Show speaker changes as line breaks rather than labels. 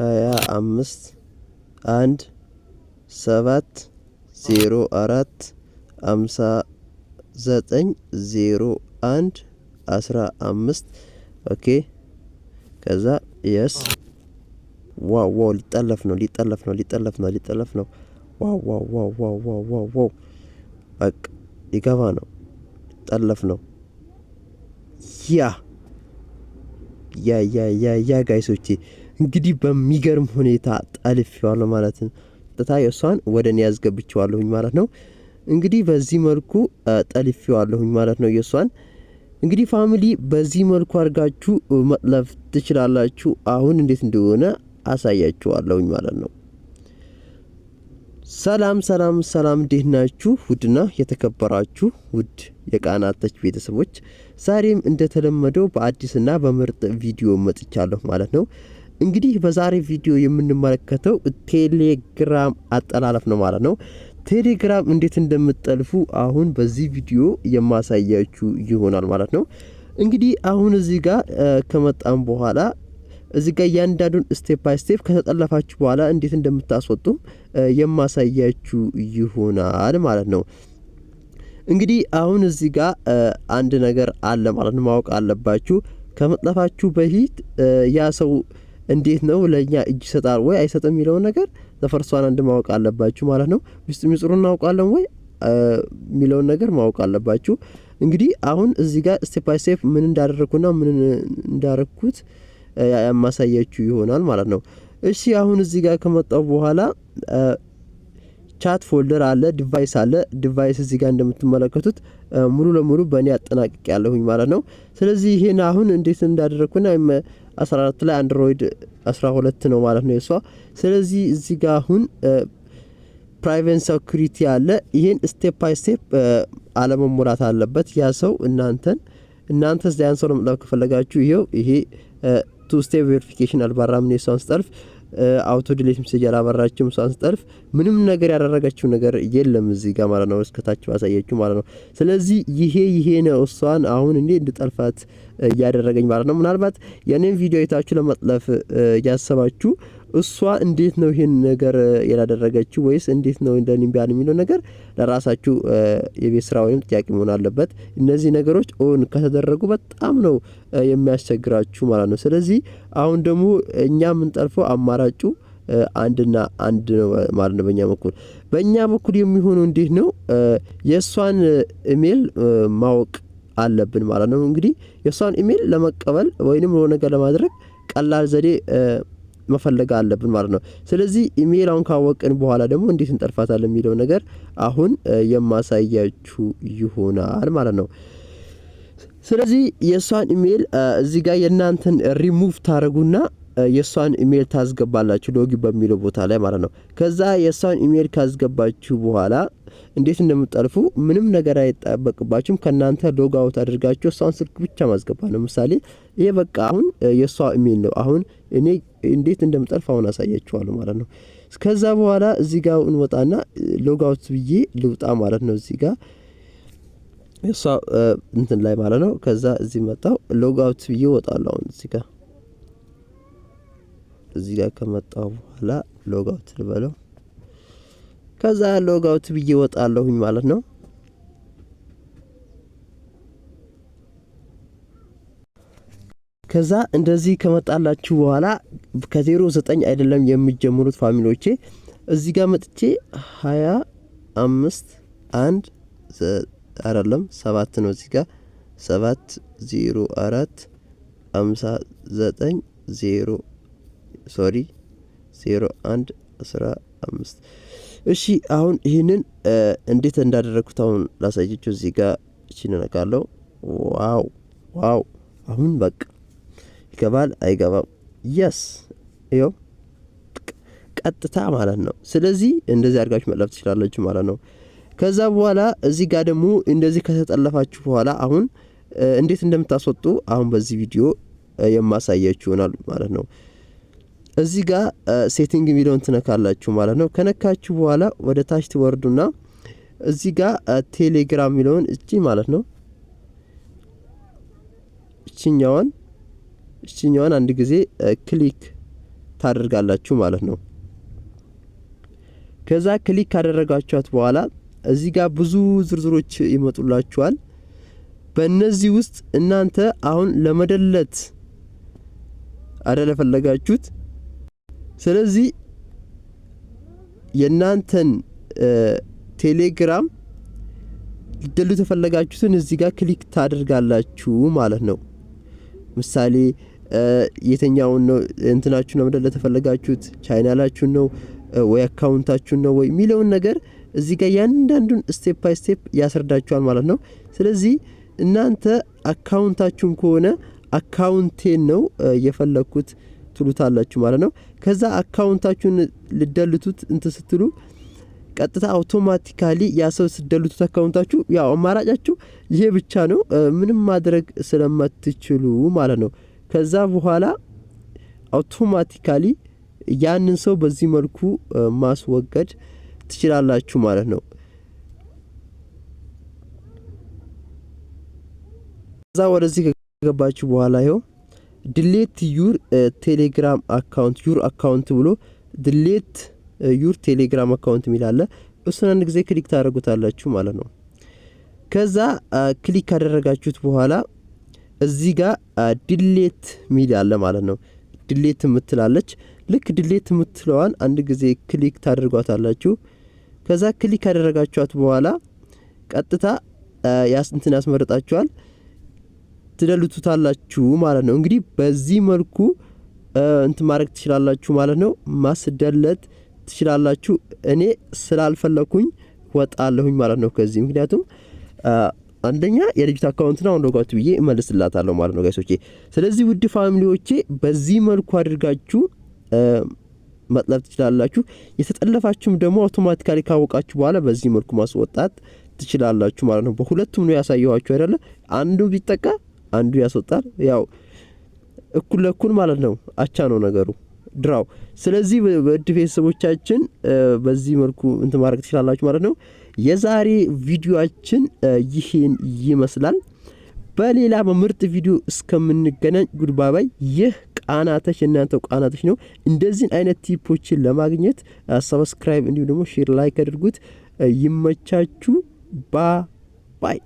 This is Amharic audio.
ሀያ አምስት አንድ ሰባት ዜሮ አራት አምሳ ዘጠኝ ዜሮ አንድ አስራ አምስት ኦኬ። ከዛ የስ ዋው ዋው ሊጠለፍ ነው ሊጠለፍ ነው ሊጠለፍ ነው ሊጠለፍ ነው። ዋው ዋው ዋው ዋው ዋው ዋው ዋው በቃ ሊገባ ነው ሊጠለፍ ነው ያ ያ ጋይሶቼ እንግዲህ በሚገርም ሁኔታ ጠልፌዋለሁ ማለት ነው። ጥታ እሷን ወደ እኔ ያስገብቼዋለሁኝ ማለት ነው። እንግዲህ በዚህ መልኩ ጠልፌዋለሁኝ ማለት ነው የእሷን እንግዲህ ፋሚሊ በዚህ መልኩ አድርጋችሁ መጥለፍ ትችላላችሁ። አሁን እንዴት እንደሆነ አሳያችኋለሁኝ ማለት ነው። ሰላም ሰላም ሰላም፣ እንዴት ናችሁ? ውድና የተከበራችሁ ውድ የቃናተች ቤተሰቦች ዛሬም እንደተለመደው በአዲስና በምርጥ ቪዲዮ መጥቻለሁ ማለት ነው። እንግዲህ በዛሬ ቪዲዮ የምንመለከተው ቴሌግራም አጠላለፍ ነው ማለት ነው። ቴሌግራም እንዴት እንደምጠልፉ አሁን በዚህ ቪዲዮ የማሳያችሁ ይሆናል ማለት ነው። እንግዲህ አሁን እዚህ ጋር ከመጣም በኋላ እዚህ ጋር እያንዳንዱን ስቴፕ ባይ ስቴፕ ከተጠለፋችሁ በኋላ እንዴት እንደምታስወጡም የማሳያችሁ ይሆናል ማለት ነው። እንግዲህ አሁን እዚህ ጋር አንድ ነገር አለ ማለት ማወቅ አለባችሁ። ከመጥለፋችሁ በፊት ያ ሰው እንዴት ነው ለእኛ እጅ ይሰጣል ወይ አይሰጥም የሚለውን ነገር ዘፈርሷን አንድ ማወቅ አለባችሁ ማለት ነው። ሚስጥ ሚጽሩ እናውቃለን ወይ የሚለውን ነገር ማወቅ አለባችሁ። እንግዲህ አሁን እዚህ ጋር ስቴፕ ባይ ስቴፕ ምን እንዳደረግኩና ምን እንዳረግኩት ያማሳያችሁ ይሆናል ማለት ነው። እሺ አሁን እዚህ ጋር ከመጣው በኋላ ቻት ፎልደር አለ፣ ዲቫይስ አለ። ዲቫይስ እዚህ ጋር እንደምትመለከቱት ሙሉ ለሙሉ በእኔ አጠናቅቅ ያለሁኝ ማለት ነው። ስለዚህ ይሄን አሁን እንዴት እንዳደረግኩና 14 ላይ አንድሮይድ 12 ነው ማለት ነው የሷ። ስለዚህ እዚህ ጋር አሁን ፕራይቬት ሰኩሪቲ አለ። ይሄን ስቴፕ ባይ ስቴፕ አለመሙላት አለበት ያ ሰው እናንተን እናንተ ዚያን ሰው ለመጥላው ከፈለጋችሁ ይኸው ይሄ ቱ ስቴፕ ቬሪፊኬሽን አልባራምን የሷን ስጠልፍ አውቶ ዲሌት ሜሴጅ ያላበራችሁም እሷን ስጠልፍ ምንም ነገር ያደረጋችሁ ነገር የለም እዚህ ጋር ማለት ነው። እስከታች ባሳየችሁ ማለት ነው። ስለዚህ ይሄ ይሄ ነው እሷን አሁን እንዴ እንድጠልፋት እያደረገኝ ማለት ነው። ምናልባት የኔም ቪዲዮ አይታችሁ ለመጥለፍ እያሰባችሁ እሷ እንዴት ነው ይሄን ነገር ያላደረገችው ወይስ እንዴት ነው ቢያን የሚለው ነገር ለራሳችሁ የቤት ስራ ወይም ጥያቄ መሆን አለበት። እነዚህ ነገሮች ኦን ከተደረጉ በጣም ነው የሚያስቸግራችሁ ማለት ነው። ስለዚህ አሁን ደግሞ እኛ የምንጠልፈው አማራጩ አንድና አንድ ነው ማለት ነው። በእኛ በኩል በእኛ በኩል የሚሆነው እንዴት ነው የእሷን ኢሜል ማወቅ አለብን ማለት ነው። እንግዲህ የእሷን ኢሜል ለመቀበል ወይንም ነገር ለማድረግ ቀላል ዘዴ መፈለግ አለብን ማለት ነው። ስለዚህ አሁን ካወቅን በኋላ ደግሞ እንዴት እንጠልፋታለን የሚለው ነገር አሁን የማሳያችሁ ይሆናል ማለት ነው። ስለዚህ የእሷን ኢሜይል እዚህ ጋር የእናንተን ሪሙቭ ታደረጉና የእሷን ኢሜይል ታስገባላችሁ ሎጊ በሚለው ቦታ ላይ ማለት ነው። ከዛ የእሷን ኢሜይል ካስገባችሁ በኋላ እንዴት እንደምጠልፉ ምንም ነገር አይጠበቅባችሁም። ከእናንተ ሎግ አውት አድርጋችሁ እሷን ስልክ ብቻ ማስገባ ነው። ምሳሌ ይሄ በቃ አሁን የእሷ ኢሜይል ነው። አሁን እኔ እንዴት እንደምጠልፍ አሁን አሳያችኋለሁ ማለት ነው። ከዛ በኋላ እዚህ ጋር እንወጣና ሎግ አውት ብዬ ልውጣ ማለት ነው። እዚህ ጋር የእሷ እንትን ላይ ማለት ነው። ከዛ እዚህ መጣው ሎግ አውት ብዬ እወጣለሁ አሁን እዚህ ጋር እዚህ ጋር ከመጣው በኋላ ሎጋውት ልበለው። ከዛ ሎጋውት ብዬ ወጣለሁኝ ማለት ነው። ከዛ እንደዚህ ከመጣላችሁ በኋላ ከዜሮ ዘጠኝ አይደለም የሚጀምሩት ፋሚሊዎቼ። እዚህ ጋር መጥቼ ሀያ አምስት አንድ አይደለም ሰባት ነው። እዚህ ጋር ሰባት ዜሮ አራት አምሳ ዘጠኝ ዜሮ ሶሪ 01 15 እሺ አሁን ይህንን እንዴት እንዳደረግኩት አሁን ላሳየችው እዚህ ጋር እችን ነካለው ዋው ዋው አሁን በቃ ይገባል አይገባም የስ ይኸው ቀጥታ ማለት ነው ስለዚህ እንደዚህ አድርጋችሁ መጥለፍ ትችላለች ማለት ነው ከዛ በኋላ እዚህ ጋር ደግሞ እንደዚህ ከተጠለፋችሁ በኋላ አሁን እንዴት እንደምታስወጡ አሁን በዚህ ቪዲዮ የማሳያችሁ ይሆናል ማለት ነው እዚህ ጋር ሴቲንግ የሚለውን ትነካላችሁ ማለት ነው። ከነካችሁ በኋላ ወደ ታች ትወርዱና እዚህ ጋር ቴሌግራም የሚለውን እቺ ማለት ነው እችኛዋን እችኛዋን አንድ ጊዜ ክሊክ ታደርጋላችሁ ማለት ነው። ከዛ ክሊክ ካደረጋችኋት በኋላ እዚህ ጋር ብዙ ዝርዝሮች ይመጡላችኋል። በእነዚህ ውስጥ እናንተ አሁን ለመደለት አደለ ፈለጋችሁት ስለዚህ የእናንተን ቴሌግራም ልትደሉ የተፈለጋችሁትን እዚህ ጋር ክሊክ ታደርጋላችሁ ማለት ነው። ምሳሌ የትኛውን ነው እንትናችሁ ነው መደለ ተፈለጋችሁት ቻይናላችሁን ነው ወይ አካውንታችሁን ነው ወይ የሚለውን ነገር እዚህ ጋር ያንዳንዱን ስቴፕ ባይ ስቴፕ ያስረዳችኋል ማለት ነው። ስለዚህ እናንተ አካውንታችሁን ከሆነ አካውንቴን ነው የፈለግኩት ትሉታላችሁ ማለት ነው። ከዛ አካውንታችሁን ልደልቱት እንት ስትሉ ቀጥታ አውቶማቲካሊ ያ ሰው ስደልቱት አካውንታችሁ ያው አማራጫችሁ ይሄ ብቻ ነው፣ ምንም ማድረግ ስለማትችሉ ማለት ነው። ከዛ በኋላ አውቶማቲካሊ ያንን ሰው በዚህ መልኩ ማስወገድ ትችላላችሁ ማለት ነው። ከዛ ወደዚህ ከገባችሁ በኋላ ይኸው ድሌት ዩር ቴሌግራም አካውንት ዩር አካውንት ብሎ ድሌት ዩር ቴሌግራም አካውንት የሚላለ እሱን አንድ ጊዜ ክሊክ ታደርጉታላችሁ ማለት ነው። ከዛ ክሊክ ካደረጋችሁት በኋላ እዚህ ጋር ድሌት ሚል አለ ማለት ነው። ድሌት የምትላለች ልክ ድሌት የምትለዋን አንድ ጊዜ ክሊክ ታደርጓታላችሁ። ከዛ ክሊክ ካደረጋችኋት በኋላ ቀጥታ ያስንትን ያስመርጣችኋል። ትደልቱታላችሁ ማለት ነው። እንግዲህ በዚህ መልኩ እንት ማድረግ ትችላላችሁ ማለት ነው። ማስደለት ትችላላችሁ። እኔ ስላልፈለኩኝ ወጣለሁኝ ማለት ነው ከዚህ ምክንያቱም አንደኛ የልጅት አካውንት አሁን ሎጋውት ብዬ እመልስላታለሁ ማለት ነው ጋይሶቼ። ስለዚህ ውድ ፋሚሊዎቼ በዚህ መልኩ አድርጋችሁ መጥለፍ ትችላላችሁ። የተጠለፋችሁም ደግሞ አውቶማቲካሊ ካወቃችሁ በኋላ በዚህ መልኩ ማስወጣት ትችላላችሁ ማለት ነው። በሁለቱም ነው ያሳየኋችሁ አይደለ? አንዱ ቢጠቃ አንዱ ያስወጣል። ያው እኩል ለኩል ማለት ነው። አቻ ነው ነገሩ ድራው። ስለዚህ በእድ ቤተሰቦቻችን በዚህ መልኩ እንትን ማድረግ ትችላላችሁ ማለት ነው። የዛሬ ቪዲዮችን ይህን ይመስላል። በሌላ በምርጥ ቪዲዮ እስከምንገናኝ ጉድባባይ። ይህ ቃናተች እናንተው ቃናተሽ ነው። እንደዚህን አይነት ቲፖችን ለማግኘት ሰብስክራይብ እንዲሁም ደግሞ ሼር ላይክ አድርጉት። ይመቻችሁ። ባይ